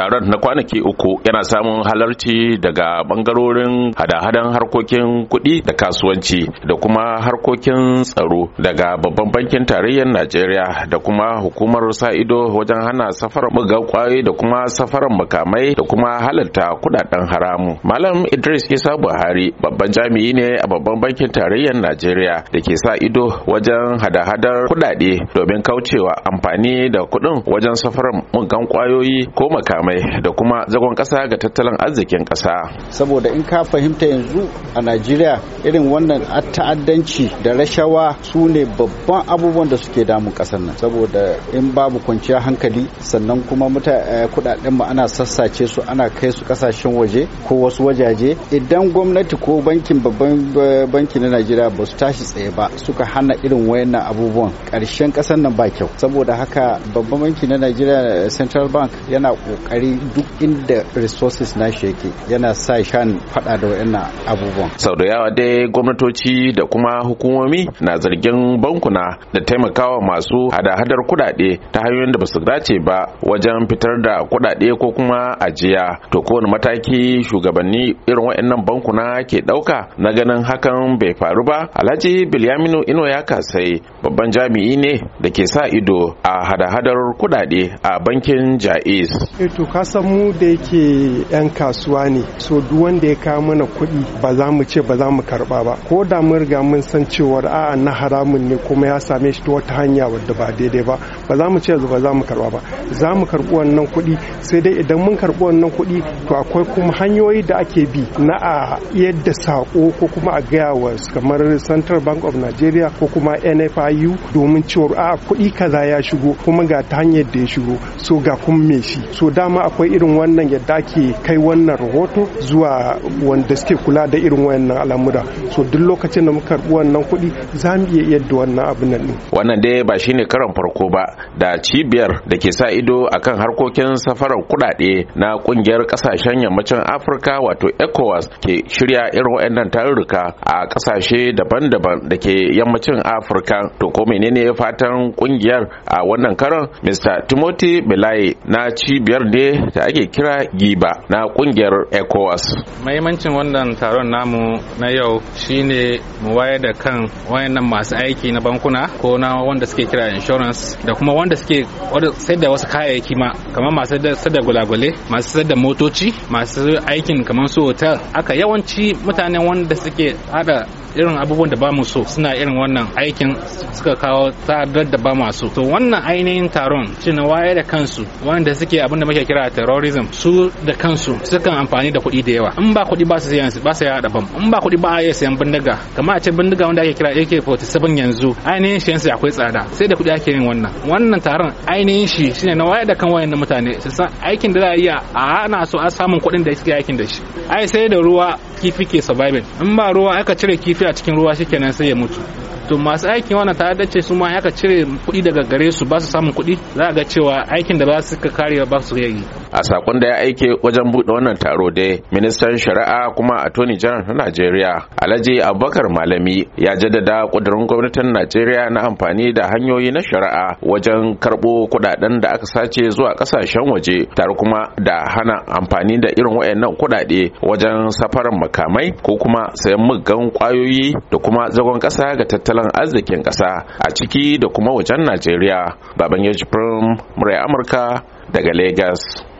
taron na kwanaki uku yana samun halarci daga bangarorin hada-hadan harkokin kuɗi da kasuwanci da kuma harkokin tsaro daga babban bankin tarayyar najeriya da kuma hukumar sa wajen hana safar buga kwaye da kuma safarar makamai da kuma halarta kudaden haramu malam idris isa buhari babban jami'i ne a babban bankin tarayyar najeriya da ke sa ido wajen hada-hadar kudade domin kaucewa amfani da kuɗin wajen safarar gan kwayoyi ko makamai makamai da kuma zagon kasa ga tattalin arzikin kasa saboda in ka fahimta yanzu a najeriya irin wannan ta'addanci da rashawa su ne babban abubuwan da suke damun kasar nan saboda in babu kwanciyar hankali sannan kuma eh, kudaden mu ana sassace su ana kai su kasashen waje ko wasu wajaje idan gwamnati ko bankin babban eh, banki na najeriya ba su tashi tsaye ba suka hana irin wayannan abubuwan ƙarshen kasar nan ba kyau saboda haka babban banki na najeriya eh, central bank yana ƙoƙari ƙoƙari duk inda resources na shi yana sa shan fada da wayannan abubuwan sau da yawa dai gwamnatoci da kuma hukumomi na zargin bankuna da taimakawa masu hada-hadar kudade ta hanyoyin da ba su dace ba wajen fitar da kudade ko kuma ajiya to kowane mataki shugabanni irin waɗannan bankuna ke ɗauka na ganin hakan bai faru ba alhaji bilyaminu ino ya kasai babban jami'i ne da ke sa ido a hada-hadar kudade a bankin jais eh, Kasan mu da yake 'yan kasuwa ne so duk wanda ya kawo mana kuɗi ba za mu ce ba za mu karɓa ba ko da mun riga mun san cewar a'a na haramun ne kuma ya same shi ta wata hanya wadda ba daidai ba ba za mu ce yanzu ba za mu karba ba za mu karbi wannan kuɗi sai dai idan mun karbi wannan kuɗi to akwai kuma hanyoyi da ake bi na a yadda sako ko kuma a gaya wa kamar Central Bank of Nigeria ko kuma NFIU domin cewar a kuɗi kaza ya shigo kuma ga ta hanyar da ya shigo so ga kun me shi so dama akwai irin wannan yadda ake kai wannan rahoto zuwa wanda suke kula da irin wannan al'amura so duk lokacin da muka karbi wannan kuɗi za mu iya yadda wannan abin nan wannan dai ba shine karan farko ba da cibiyar da ke sa ido a kan harkokin safarar kudade na kungiyar kasashen yammacin afirka wato ecowas ke shirya irin waɗannan tarurruka a kasashe daban-daban da ke yammacin afirka to ko menene fatan kungiyar a wannan karon mr timothy belaye na cibiyar ne da ake kira giba na kungiyar ecowas mahimmancin wannan taron namu na yau shine mu wayar da kan wayannan masu aiki na bankuna ko na wanda suke kira insurance da kuma kuma wanda suke sai da wasu kayayyaki ma kamar masu sayar da gulagule masu sayar da motoci masu aikin kamar su hotel aka yawanci mutane wanda suke hada irin abubuwan da ba mu so suna irin wannan aikin suka kawo tsadar da ba masu to wannan ainihin taron shi na waye da kansu wanda suke abin da muke kira terrorism su da kansu sukan amfani da kuɗi da yawa in ba kuɗi ba su sayan ba su yada bam in ba kuɗi ba a iya sayan bindiga kamar a ce bindiga wanda ake kira AK47 yanzu ainihin sayan akwai tsada sai da kuɗi ake yin wannan wannan taron ainihin shi shine na wayar da kan wayan mutane su san aikin da za a yi a ana so a samun kuɗin da suke aikin da shi ai sai da ruwa kifi ke surviving in ba ruwa aka cire kifi a cikin ruwa shikenan sai ya mutu to masu aikin wannan ta ce su ma aka cire kuɗi daga gare su ba su samun kuɗi za a ga cewa aikin da ba su ka kare ba su yi a sakon da ya aike wajen buɗe wannan taro da ministan shari'a kuma attorney general na Najeriya Alhaji Abubakar Malami ya jaddada kudurin gwamnatin Najeriya na amfani da hanyoyi na shari'a wajen karɓo kuɗaɗen da aka sace zuwa ƙasashen waje tare kuma da hana amfani da irin wayannan kuɗaɗe wajen safarar makamai ko kuma sayan muggan kwayoyi da kuma zagon ƙasa ga tattalin arzikin ƙasa a ciki da kuma wajen Najeriya. Baban Yaji Murai Amurka daga Legas.